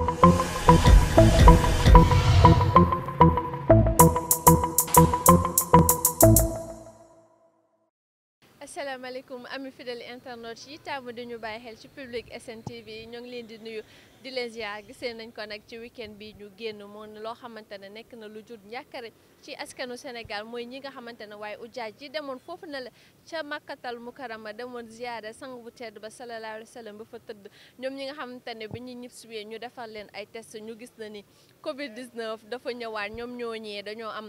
thank you asalaamaaleykum ami fidèle internautes yi taamu di ñu bàyyi xel ci public SNTV ñoo ngi leen di nuyu di leen ziar gisee nañ ko nag ci weekend bi ñu génn moom loo xamante ne nekk na lu jur njàkkare ci askanu Sénégal mooy ñi nga xamante ne waaye ujaaj ji demoon foofu na la ca Makkatal Mukarama demoon ziyaare sang bu tedd ba sallallahu alayhi wa ba fa tëdd ñoom ñi nga xamante ne bi ñu ñib suwee ñu defar leen ay test ñu gis na ni Covid 19 dafa ñëwaat ñoom ñoo ñëwee dañoo am.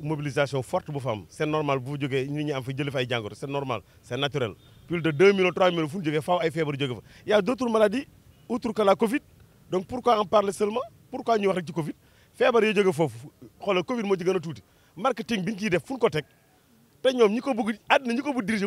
mobilisation forte pour femmes, c'est normal c'est normal c'est naturel plus de 2 ou 3 millions femmes ñu jógee Il y a d'autres maladies outre que la Covid donc pourquoi en parler seulement pourquoi nous wax rek ci Covid La Covid est ci Le marketing est ñu def fu diriger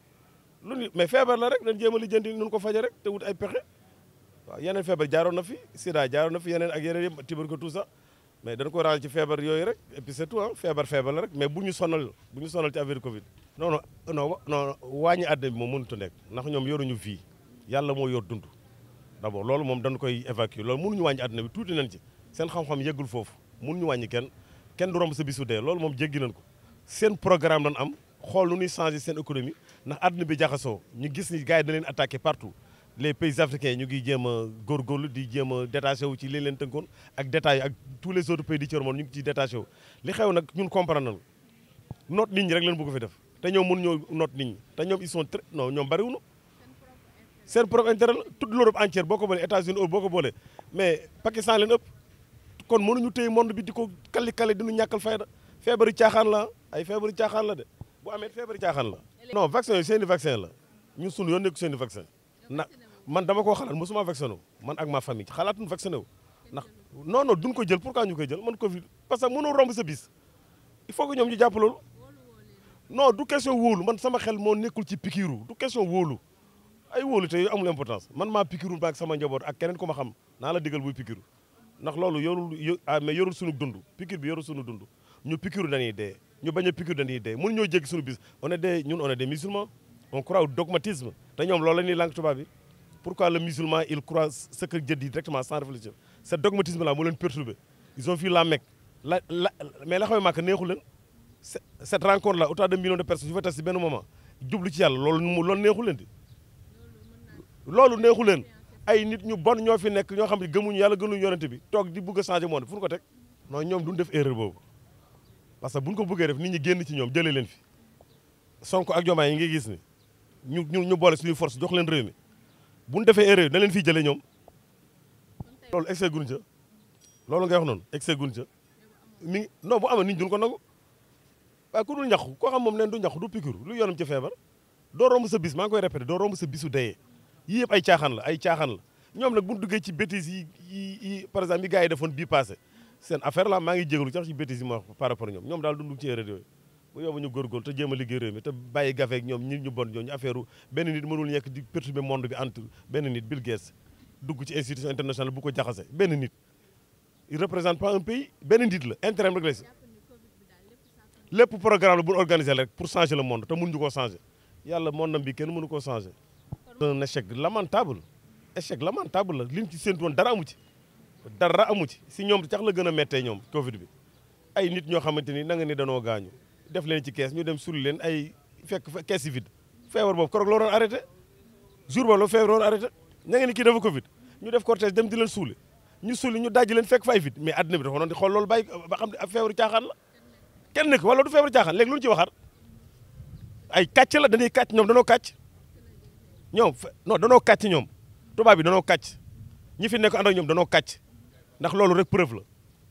lu ñu mais feebar la rek dañ jéem a lijjanti nun ko faje rek te wut ay pexe waaw feebar jaaroon na fi sida jaaroon na fi yeneen ak yeneen yëpp tibar ko tout ça mais dañ ko raal ci feebar yooyu rek et puis tout ah feebar feebar la rek mais bu ñu sonal bu ñu sonal ci affaire Covid non non non non wàññi àdde bi moom mënut a nekk ndax ñoom yoruñu vie yàlla moo yor dund d'abord loolu moom dañ koy évacuer loolu mënuñu wàññi àdduna bi tuuti nañ ci seen xam-xam yeggul foofu mënuñu wàññi kenn kenn du romb sa dee loolu moom jéggi nañ ko seen programme lañ am xool nu ñuy seen économie ndax àdduna bi jaxasoo ñu gis ni gars yi leen attaqué partout les pays africains ñu ngi jéem a góorgóorlu di jéem a détaché wu ci li leen tënkoon ak détaillé ak tous les autres pays di cërmoon ñu ngi ciy détaché wu li xew nag ñun comprendre na noot nit rek leen bëgg fi def te ñoom mën ñoo noot nit ñi te ñoom ils sont très non ñoom bariwunu seen propre intérêt la toute l'Europe entière boo ko boolee États-Unis Europe boo ko boolee mais Pakistan leen ëpp kon mënuñu téye monde bi di ko kali kali dinu ñàkkal fayda feebaru caaxaan la ay feebaru caaxaan la de bu amee feebar caaxaan la. non vaccin yooyu seen vaccin la ñu sun yoon ko sen i vaccin na man dama ko xalaat musuma vacciné man ak ma famille xalatun vacciné wu non non duñ ko jël pourquoi ñu koy jël man Covid parce que mënu romb sa bis il faut que ñom ñu japp lolu non du question wolu man sama xel mo nekkul ci pikiiru du question wolu ay wolu tay amul importance man ma pikiiru ba ak sama njabot ak keneen ku ma xam naa la digal buy pikiiru ndax loolu yorul ah, mais yorul suñu dundu piquir bi yorul suñu dundu ñu pikiiru dañuy dee. Nous avons a on des on des musulmans on croit au dogmatisme pourquoi le musulman il croit ce que Dieu dit directement sans réfléchir ce dogmatisme là nous a perturbé ils ont vu la Mecque la mais la cette rencontre là autant de millions de personnes c'est un tas si benn moment jublu ci yàlla loolu leen ne bi di changer monde ko parce que buñ ko bëggee def nit ñi génn ci ñoom jëlee leen fi Sonko ak Diomaye yi ngi gis ni ñu ñu ñu boole suñuy force jox leen réew mi buñ defee erreur na leen fiy jëlee ñoom loolu excès gun loolu ngay wax noonu excès gun mi ngi bu amoon nit ñi duñ ko nangu waaye ku dul ñaxu koo xam moom neen du ñaxu du piqûre lu yoonam ci feebar doo romb sa bis maa ngi koy répété doo romb sa bisu dayee yii yëpp ay caaxaan la ay caaxaan la ñoom nag buñ duggee ci bêtises yi par exemple yi yi defoon bii passé sen affaire la maa ngi jégalu sax ci bêtise ma par rapport ñom ñom dal dundu ci erreur yooyu bu yóbbu ñu góorgóorlu te jema a liggéey mi te baye gafe ak ñoom ñi ñu bon ñu affaireu ben nit mënul ñek di perturber monde bi entre ben nit Bill Gates dugg ci institution internationale bu ko jaxase ben nit il représente pas un pays ben nit la intérêt rek la si programme bu organiser rek pour changer le monde te mënuñu ko changer yalla monde bi kenn mënu ko changer. un échec lamentable échec lamentable la liñ ci séntu woon dara amu ci. dara amu ci si ñoom tax la gën a ñoom Covid bi ay nit ñoo xamante ni na nga ni danoo gaañu def leen ci kees ñu dem sul leen ay fekk fa kees yi vide feebar boobu keroog loo doon arrêté jour boobu la feebar doon arrêté ña nga ni kii ñu def cortège dem di leen suule ñu suuli ñu dajji leen fekk fa ay vide mais adduna bi dafa noon di xool loolu bàyyi ba xam ne ab la kenn nekk wala du feebaru caaxaan léegi lu ñu ci waxaat ay kàcc la dañuy kàcc ñoom danoo kàcc ñoom non danoo kàcc ñoom tubaab bi danoo kàcc ñi fi nekk ànd ak ñoom danoo kàcc ndax loolu rek preuve la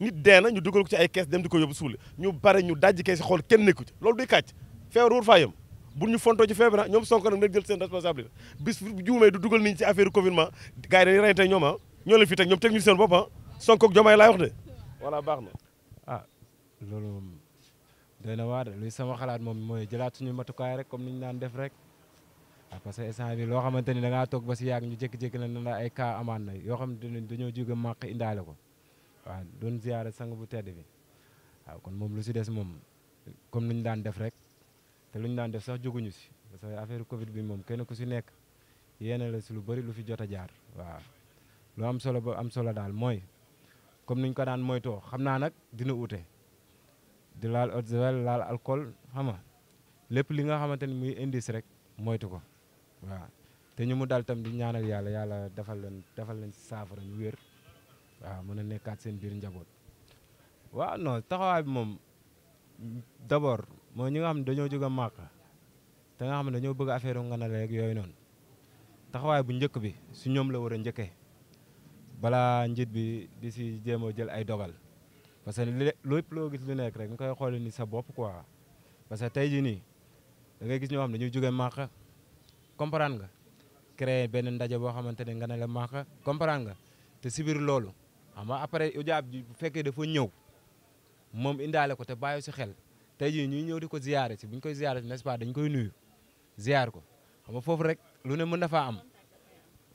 nit dee na ñu dugal ko ci ay kees dem di ko yóbbu suuli ñu bare ñu dajji kees yi xool kenn ko ci loolu duy kàcc feebar wur faa yem bu ñu fontoo ci ñoom Sonko nag nag jël seen responsabilité bis bu juumee du dugal nit ñi ci affaire confinement gars yi dañuy ah. ñoo leen fi teg ñoom teg ñu seen bopp ah Sonko ak Diomaye laay wax de voilà baax na ah loolu moom doy na waar luy sama xalaat moom mooy jëlaat suñu matukaay rek comme ni ñu naan def rek parce que instant bi loo xamante ni da toog ba si yàgg ñu jékki-jékki na ne la ay cas amaan na yoo xamante ni dañoo jóge màq ndaale ko waaw doon ziyaara sang bu tedd bi waaw kon moom lu si des moom comme lu daan def rek te lu ñu daan def sax jóguñu si parce que affaire Covid bi moom kenn ku si nekk yéene la si lu bari lu fi jot a jaar waaw lu am solo ba am solo daal mooy comme niñ ko daan moytoo xam naa nag dina ute di laal eau laal alcool xam nga lépp li nga xamante ni muy indice rek moytu ko. waaw te ñu mu dal tam di ñaanal yàlla yàlla defal leen defal leen saafara ñu wér waaw mën a nekkaat seen biir njaboot. waa noo taxawaay bi moom d'abord mooy ñi nga xam ne dañoo jóg a màq te nga xam ne dañoo bëgg affaire nga nale rek yooyu noonu taxawaay bu njëkk bi si ñoom la war a njëkkee balaa njit bi di si jéem a jël ay dogal parce que lépp loo gis lu nekk rek nga koy xoole ni sa bopp quoi parce que tey jii nii da ngay gis ñoo xam ne dañuy jóge màq comprendre nga créer benn ndaje boo xamante ne nga ne la maaxa comprendre nga te si biir loolu xam nga après ujaab ji bu fekkee dafa ñëw moom indaale ko te bàyyi si xel tey jii ñuy ñëw di ko ziare si bu ñu koy ziare si n'est-ce dañ koy nuyu ziar ko xam nga foofu rek lu ne mën na faa am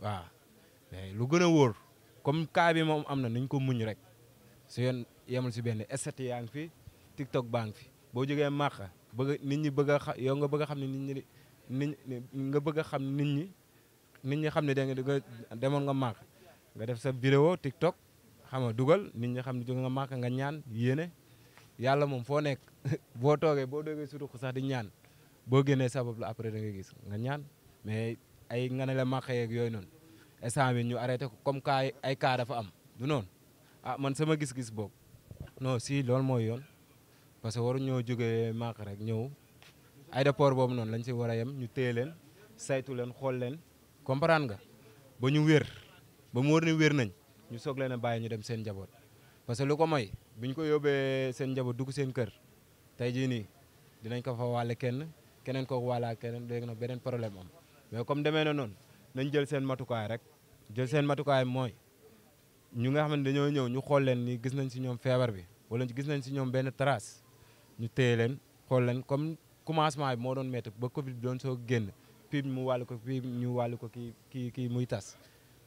waaw mais lu gën a wóor comme cas bi moom am na nañ ko muñ rek su yoon yemul si benn estet yaa ngi fi tiktok ba ngi fi boo jógee màq bëgg nit ñi bëgg nit nga bëgg a xam nit ñi nit ñi xam ne da nga demoon nga màgg nga def sa vidéo TikTok xam nga dugal nit ñi xam ne jóg nga màgg nga ñaan yéene yàlla moom foo nekk boo toogee boo doogee surux sax di ñaan boo génnee sabab la après da nga gis nga ñaan mais ay nga ne la màgg yeeg yooyu noonu instant bi ñu arrêté ko comme cas ay cas dafa am du noonu ah man sama gis-gis boobu non si loolu mooy yoon parce que waru ñoo jógee màgg rek ñëw aéroport bobu non, lañ ci wara yam ñu téye leen saytu leen xol leen comprendre nga ba ñu wër ba wone wër nañ ñu sok leen a ñu dem seen jabot parce que luko ko buñ ko yobé seen jabot dugg seen kër tay ji ni dinañ ko fa walé kenn kenen ko wala kenen léegi nag problème am mais comme démé na non nañ jël seen matukaay rek jël seen matukaay moy ñu nga dañoo ñëw ñu xol leen ni gis nañ ci ñom fièvre bi wala gis nañ ci ñom benn trace ñu leen xol leen comme commencement bi moo doon métti ba Covid bi doon soo génn fii mu wàllu ko fii ñu wàllu ko kii kii kii muy tas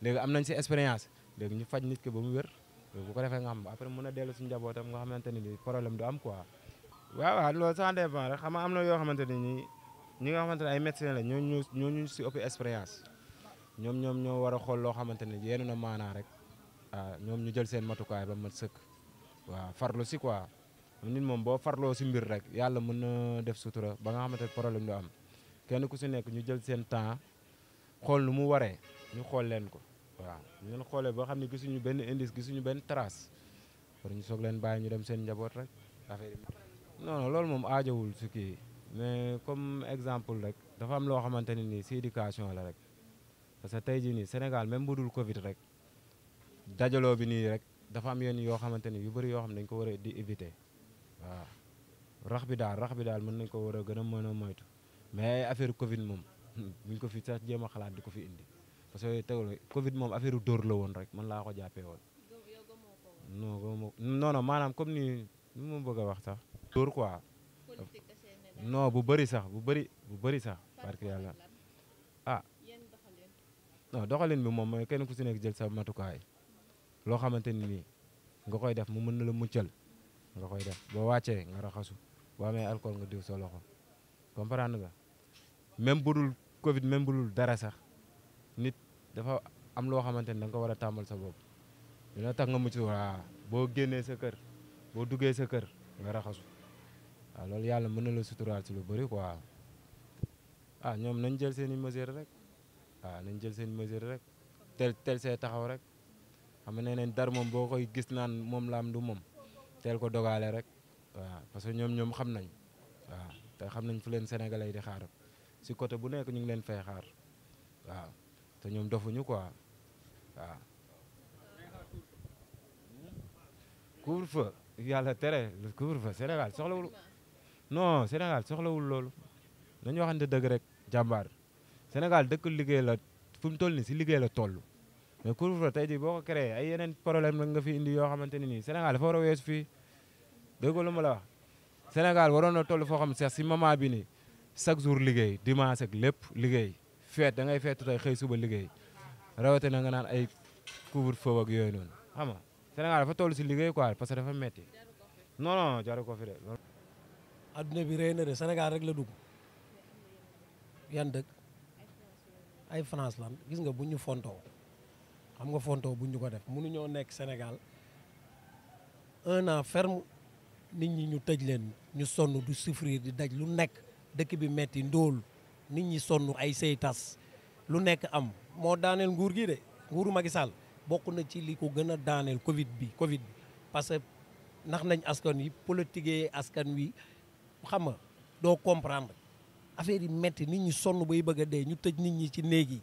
léegi am nañ si expérience léegi ñu faj nit ki ba mu wér bu ko defee nga xam après mën a dellu suñu njabootam nga xamante ne nii problème du am quoi. waaw waaw loolu ça dépend rek xam am na yoo xamante ne nii ñi nga xamante ne ay médecins la ñooñu ñooñu si ëpp expérience ñoom ñoom ñoo war a xool loo xamante ne yéen na maanaa rek ah, ñoom ñu jël seen matukaay ba mat sëkk waaw farlu si nit moom boo farloo si mbir rek yàlla mën na def sutura ba nga xamante problème du am kenn ku si nekk ñu jël seen temps xool nu mu waree ñu xool leen ko waaw ñu xoolee boo xam ne gisuñu benn indice gisuñu benn trace pour ñu soog leen bàyyi ñu dem seen njaboot rek affaire non loolu moom aajowul su kii mais comme exemple rek dafa am loo xamante ne nii si éducation la rek parce que tey jii nii Sénégal même bu dul Covid rek dajaloo bi nii rek dafa am yenn yoo xamante ni yu bëri yoo xam ne dañ ko war a di éviter. waaw bi daal rax bi daal mën nañ ko war a gën a mën a moytu mais affaire Covid moom buñ ko fi sax jéem a xalaat di ko fi indi parce que teewul Covid moom affaire dóor la woon rek man laa ko jàppee woon. non maanaam comme ni ni bëgg a wax sax. dóor quoi. non bu bëri sax bu bëri bu bëri sax. parce que yàlla ah. doxalin bi moom mooy kenn ku si nekk jël sa matukaay loo xamante ni nii nga koy def mu mën na la muccal nga koy def boo wàccee nga raxasu boo amee alcool nga diw sa loxo comprendre nga même budul dul Covid même bu dara sax nit dafa am loo xamante ni da nga ko war a tàmbal sa bopp dina tax nga mucc waa boo génnee sa kër boo duggee sa kër nga raxasu a loolu yàlla mën na la suturaal ci lu bëri ko ah ñoom nañ jël seen i mesure rek waaw ah, nañ jël seen mesure rek tel tel see taxaw rek xam nga nee nañ dar moom boo koy gis naan moom laam du moom teel ko dogaale rek waaw parce que ñoom ñoom xam nañ waaw te xam nañ fu leen sénégalais yi di xaar si côté bu nekk ñu ngi leen fay xaar waaw te ñoom dofuñu quoi waaw. couvre-feu yàlla tere couvre-feu Sénégal soxlawul non Sénégal soxlawul loolu nañu waxante dëgg rek jàmbaar Sénégal dëkk liggéey la fu mu toll si liggéey la toll. mais couvre-feu tey jii boo ko créé ay yeneen problème la nga fi indi yoo xamante ne nii Sénégal dafa war a weesu fii déggoo lu ma la wax Sénégal waroon na toll foo xam sax si moment bi nii chaque jour liggéey dimanche ak lépp liggéey feet da ngay feetu xëy suba liggéey rawatina nga naan ay couvre-feu ak yooyu noonu xam nga Sénégal dafa toll si liggéey ko parce que dafa metti non non ko fi de. adduna bi rëy na de Sénégal rek la dugg yan dëkk ay France lan gis nga bu ñu fontoo xam nga fonto bu ñu ko def munu mënuñoo nekk Sénégal un an nit ñi ñu tëj leen ñu sonn du souffrir di daj lu nekk dëkk bi metti ndóol nit ñi sonn ay sey tas lu nekk am moo daaneel nguur gi de nguuru Macky Sall bokk na ci li ko gën a daaneel Covid bi Covid bi parce que nax nañ askan wi politique askan wi xam nga doo comprendre affaire yi metti nit ñi sonn bay bëgg a dee ñu tëj nit ñi ci néeg yi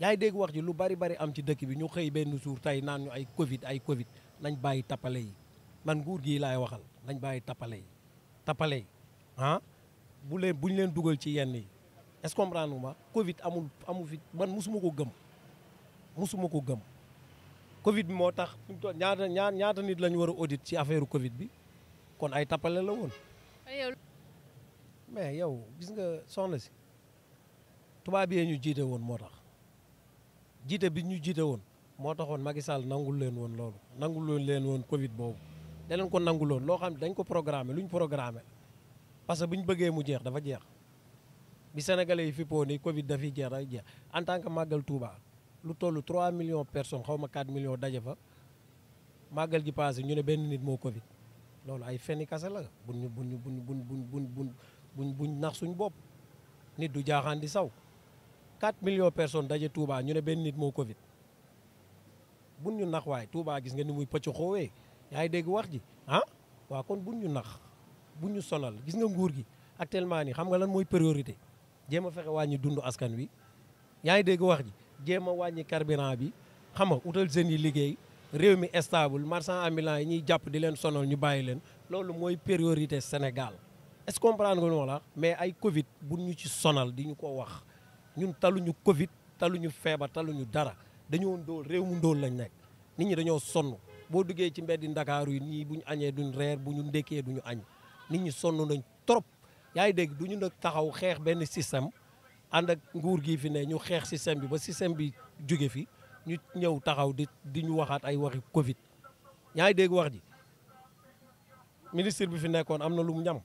yaa ngi dégg wax ji lu bari bari am ci dëkk bi ñu xëy benn jour tey naan ñu ay Covid ay Covid nañ bàyyi tappale yi man nguur gii laay waxal nañ bàyyi tappale yi tappale yi ah? bu leen bu ñu leen dugal ci yenn yi est-ce ma Covid amul amul fi man musuma ko gëm musuma ko gëm Covid moo tax ñaata ñaata nit lañ war a audit ci affaire Covid bi kon ay tappale la woon. mais yow gis nga soxna si tubaab yee ñu jiite woon moo tax. jiite bi ñu jiite woon moo taxoon Macky Sall nangul leen woon loolu nangul leen woon Covid boobu da leen ko nanguloon loo xam ne dañ ko programmé luñ programmé parce que bu ñu bëggee mu jeex dafa jeex bi sénégalais yi fippoo ni Covid dafiy jeex dafa jeex en tant que màggal Touba lu toll 3 millions personnes xaw ma 4 millions daje fa màggal gi passé ñu ne benn nit moo Covid loolu ay fenn kase la buñ bu buñ buñ buñ bu buñ buñ nax suñ bopp nit du jaaxaan di saw. 4 millions personne daje Touba ñu ne benn nit moo Covid bun ñu nax waaye tuubaa gis nga ni muy pëcc xoowee yaa ngi dégg wax ji ah waaw kon bun ñu nax bu ñu sonal gis nga nguur gi actuellement nii xam nga lan mooy priorité jéem a fexe wàññi dund askan wi yaa ngi dégg wax ji jéem a wàññi carburant bi xam nga utal jeunes yi liggéey réew mi stable marchand ambulant yi ñuy jàpp di leen sonal ñu bàyyi leen loolu mooy priorité Sénégal est-ce comprendre nga lu ma la mais ay Covid bu ñu ci sonal di ñu ko wax. ñun taluñu Covid taluñu feebar taluñu dara dañoo ndóol réew mu ndóol lañ nekk nit ñi dañoo sonn boo duggee ci mbeddi ndakaaru yi nii bu ñu añee duñu reer bu ñu ndékkee duñu añ nit ñi sonn nañ trop yaa ngi dégg duñu nag taxaw xeex benn système ànd ak nguur gii fi ne ñu xeex système bi ba système bi jóge fi ñu ñëw taxaw di di ñu waxaat ay waxi Covid yaa ngi dégg wax ji ministre bi fi nekkoon am na lu mu ñam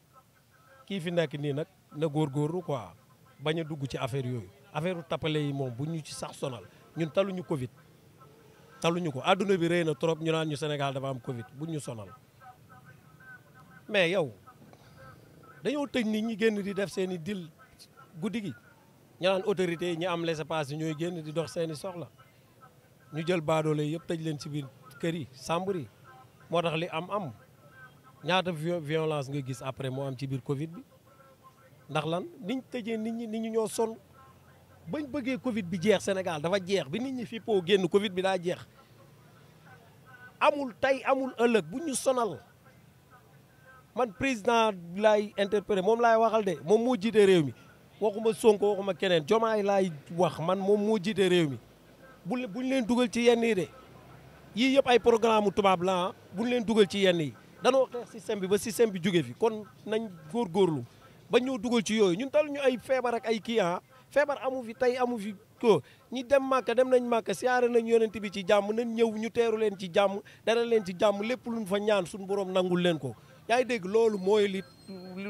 kii fi nekk nii nag na góorgóorlu quoi bañ a dugg ci affaire yooyu affaire tappale yi moom bu ñu ci sax sonal ñun taluñu Covid taluñu ko àdduna bi rëy na trop ñu naan ñu Sénégal dafa am Covid bu ñu sonal mais yow dañoo tëj nit ñi génn di def seen i dil guddi gi ñu naan autorité yi ñu am laissez-passer ñooy génn di dox seen i soxla ñu jël baadoole yëpp tëj leen ci biir kër yi sàmbur moo tax li am am ñaata violence nga gis après moo am ci biir Covid bi ndax lan niñ tëjee nit ñi nit ñu ñoo sonn. bañ bëggee Covid bi jeex Sénégal dafa jeex bi nit ñi poo génn Covid bi daa jeex amul tey amul ëllëg bu ñu sonal man président laay interpellé moom laay waxal de moom moo jiite réew mi waxuma Sonko waxuma keneen Jomaay laay wax man moom moo jiitee réew mi bu buñ leen dugal ci yenn yi de yii yëpp ay programme mu tubaab la buñ leen dugal ci yenn yi danoo xeex système bi ba système bi jóge fi kon nañ góor góorlu ba ñoo dugal ci yooyu ñun tal ñu ay feebar ay kii ah. feebar amu fi tey amu fi ko ñi dem màkka dem nañ màkka siyaare nañ yonent bi ci jàmm nañ ñëw ñu teeru leen ci jàmm dara leen ci jàmm lépp lu luñ fa ñaan suñu borom nangul leen ko yaa ngi dégg loolu mooy li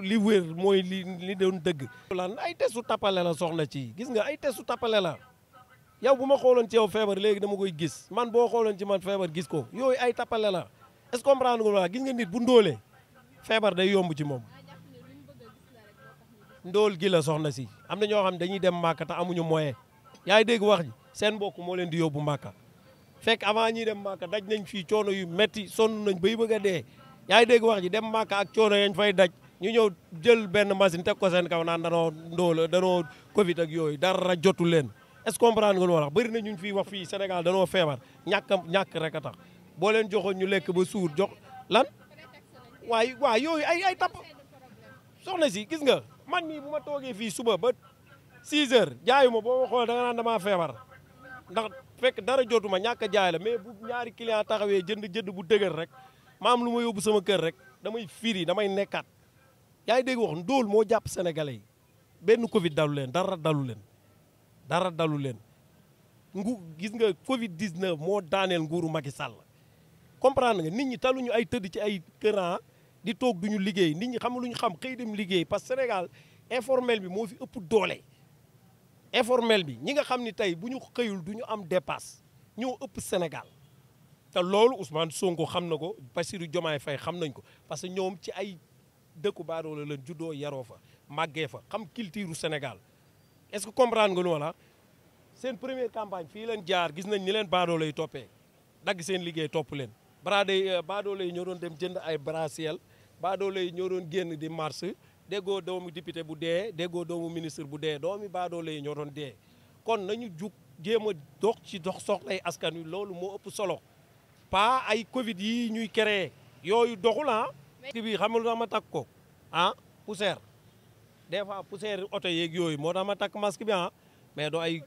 li wér mooy li li doon dëgg lan ay testu tappale la soxna ci gis nga ay testu tappale la yow bu ma xooloon ci yow feebar léegi dama koy gis man boo xooloon ci man feebar gis ko yooyu ay tappale la est-ce que comprendre nga gis nga nit bu ndóolee feebar day yomb ci moom ndóol gi la soxna si am na ñoo xam dañuy dem màkka te amuñu moyen yaa ngi dégg wax ji seen mbokk moo leen di yóbbu màkka fekk avant ñuy dem màkka daj nañ fii coono yu metti sonn nañ bay bëgg a dee yaa ngi dégg wax ji dem màkka ak coono yañ fay daj ñu ñëw jël benn machine te ko seen kaw naan danoo ndóol danoo covid ak yooyu dara jotu leen est-ce que comprendre nga lu ma wax na ñu fi wax fii Sénégal danoo feebar ñàkk a ñàkk rek a boo leen joxoon ñu lekk ba suur jox lan waaye waaw yooyu ay ay tapp si gis nga man mii bu ma toogee fii suba ba 6 heures jaayuma boo ma xool da nga naan damaa feebar ndax fekk dara jotuma ñàkk a jaay la bu ñaari client taxawee jënd jënd bu dëgër rek ma lu ma yóbbu sama kër rek damay firi damay nekkaat yaa ngi dégg wax ndóol moo jàpp sénégalais yi benn Covid dalu leen dara dalu leen dara dalu leen ngu gis nga Covid 19 moo daaneel nguuru Macky Sall comprendre nga nit ñi taluñu ay tëdd ci ay këran ah? di toog ñu liggéey nit ñi xam lu ñu xam xëy dem liggéey parce que Sénégal informel bi moo fi ëpp doole. informel bi ñi nga xam ni tey bu ñu xëyul du ñu am dépasse ñoo ëpp Sénégal te loolu Ousmane Sonko xam na ko Bassirou Diomaye fay xam nañ ko parce que ñoom ci ay dëkku baadoola leen juddoo yaroo fa màggee fa xam culture Sénégal est-ce que comprendre nga lu ma la seen premier campagne fii leen jaar gis nañ ni leen baadoola yi toppee dagg seen liggéey topp leen. braade euh, baadoola yi ñoo doon dem jënd ay bracelet baadoolo yi ñoo doon génn di mars déggoo doomu député bu dee déggoo doomu ministre bu dee doomi baadoolo yi ñoo doon dee kon nañu jug jéem a dox ci dox soxlay askan wi loolu moo ëpp solo pas ay Covid yi ñuy créé yooyu doxul ah. bi xam nga lu ma takk ko ah poussière des fois poussière oto yeeg yooyu moo tax ma takk masque bi ah mais do ay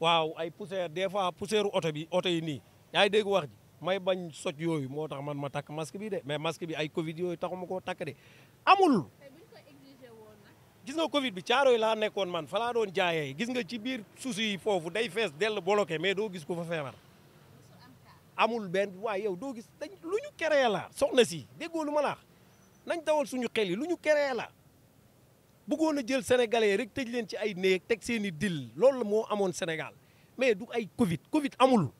waaw ay poussière des fois poussière oto bi oto yi nii yaa ngi dégg wax ji. may bañ soj yooyu moo tax man ma takk masque bi de mais masque bi ay Covid yooyu taxuma koo takk de amul. gis nga Covid bi caaro yi laa nekkoon man fa laa doon jaayee gis nga ci biir suusu yi foofu day fees dell bloqué mais doo gis ko fa feemar amul benn waaye yow doo gis dañ lu ñu la soxna si déggoo lu ma nañ tawal suñu xel yi lu ñu créé la. bëggoon a jël sénégalais rek tëj leen ci ay néeg teg seen i dil loolu la moo amoon Sénégal mais du ay Covid Covid amul.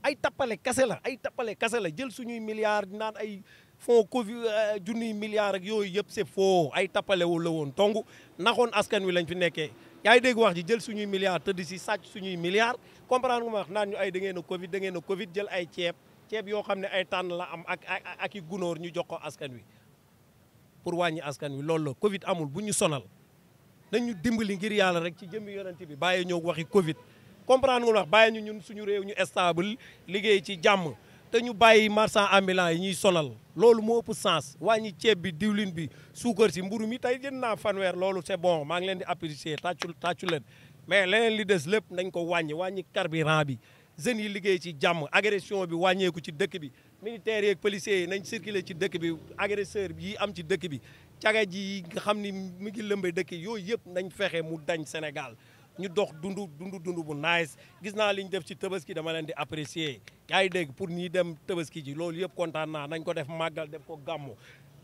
ay tappale kase la ay tappale kase la jël suñuy milliards naan ay fonds Covid euh, junniy milliards yooyu yëpp c'est faux ay tappale la woon tong naxoon askan wi lañ fi nekkee yaa ngi dégg wax ji jël suñuy milliards tëdd si sàcc suñuy milliards comprendre nga ma wax naan ñu ay da ngeen a Covid da ngeen a Covid jël ay ceeb ceeb yoo xam ne ay tànn la am ak ak i gunóor ñu jox ko askan wi pour wàññi askan wi loolu la Covid amul bu ñu sonal nañu dimbali ngir yàlla rek ci jëmmi yonent bi bàyyi ñëw waxi Covid. comprendre nga wax bàyyi ñu ñun suñu réew ñu stable liggéey ci jàmm te ñu bàyyi marchand ambulant yi ñuy sonal loolu moo ëpp sens wàññi ceeb bi diwlin bi suukar si mburu mi tey jënd naa fanweer loolu c'est bon maa ngi leen di apprécier tàccu tàccu leen mais leneen li des lépp nañ ko wàññi wàññi carburant bi jeunes yi liggéey ci jàmm agression bi wàññeeku ci dëkk bi militaires yeeg policiers yi nañ circuler ci dëkk bi agresseur yi am ci dëkk bi caga ji yi xam ni mu ngi lëmbe dëkk yooyu yëpp nañ fexe mu dañ Sénégal ñu dox dundu dundu dundu bu nice gis naa li ñu def ci tabaski dama leen di apprécier yaa ngi dégg pour ñi dem tabaski ji loolu yëpp kontaan naa nañ ko def màggal def ko gàmmu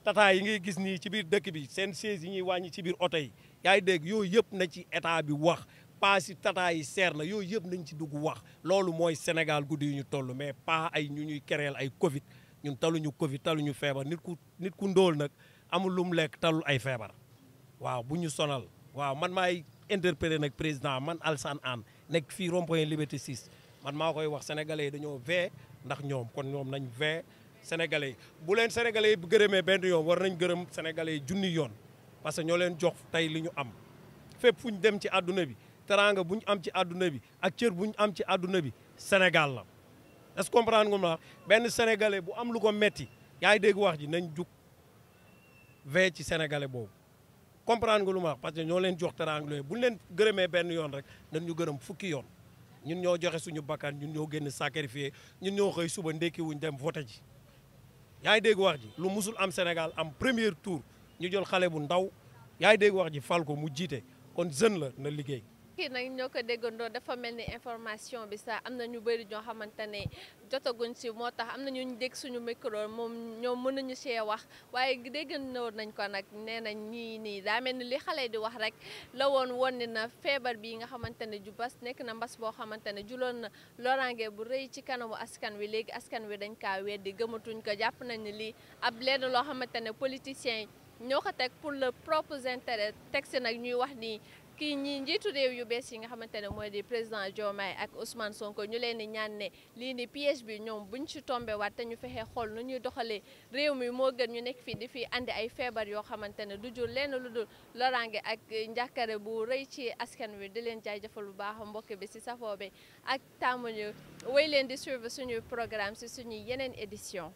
tata yi ngay gis nii ci biir dëkk bi seen chaise yi ñuy wàññi ci biir oto yi yaa ngi dégg yooyu yëpp na ci état bi wax paas si tata yi seer na yooyu yëpp nañ ci dugg wax loolu mooy Sénégal guddi ñu toll mais pas ay ñu ñuy kereel ay Covid ñun taluñu Covid ñu feebar nit ku nit ku ndóol nag amul lu mu lekk talul ay feebar interpellé nag président man Alassane Anne nekk fii rond-point Liberté 6 man maa koy wax sénégalais yi dañoo vee ndax ñoom kon ñoom nañ vee sénégalais yi bu leen sénégalais yi gërëmee benn yoon war nañ gërëm sénégalais yi junni yoon parce que ñoo leen jox tey lu ñu am fépp fu ñu dem ci àdduna bi teraanga bu ñu am ci àdduna bi ak cër bu ñu am ci àdduna bi Sénégal la est-ce que comprendre benn sénégalais bu am lu ko metti yaa ngi dégg wax ji nañ jug vee ci sénégalais boobu comprendre nga parce que ñoo leen jox teraanga yooyu nous leen gërëmee benn Nous rek Nous ñu gërëm fukki yoon ñun ñoo sommes suñu bakkan nous ñoo génn sacrifié ñun ñoo les suba wuñ dem ji. dégg wax musul am Sénégal en premier tour nous avons xale bu ndaw Nous avons dégg wax ji fal Nous mu kii nag ñoo ko déggandoo dafa mel ni information bi sax am na ñu bëri ñoo xamante ne jotaguñ si moo tax am na ñu dégg suñu micro moom ñoom mën nañu see wax waaye déggandoo nañ ko nag nee na ñii nii daa mel ni li xale di wax rek la woon woon feebar bi nga xamante ne ju bas nekk na mbas boo xamante ne juloon na loraange bu rëy ci kanamu askan wi léegi askan wi dañ kaa weddi gëmatuñ ko jàpp nañ ni lii ab lenn loo xamante ne politiciens yi ñoo ko teg pour le propre intérêt teg si nag ñuy wax nii kii ñi njiitu réew yu bees yi nga xamante ne mooy di président Diomaye ak Ousmane Sonko ñu leen di ñaan ne lii ni piège bi ñoom buñ ci tombé waat te ñu fexe xool nu ñuy doxalee réew mi moo gën ñu nekk fii di fi indi ay feebar yoo xamante ne du jur lenn lu dul loraange ak njàkkare bu rëy ci askan wi di leen jafal bu baax mbokk bi si safoo bi ak taamu ñu wéy leen di suivre suñuy programme si suñuy yeneen édition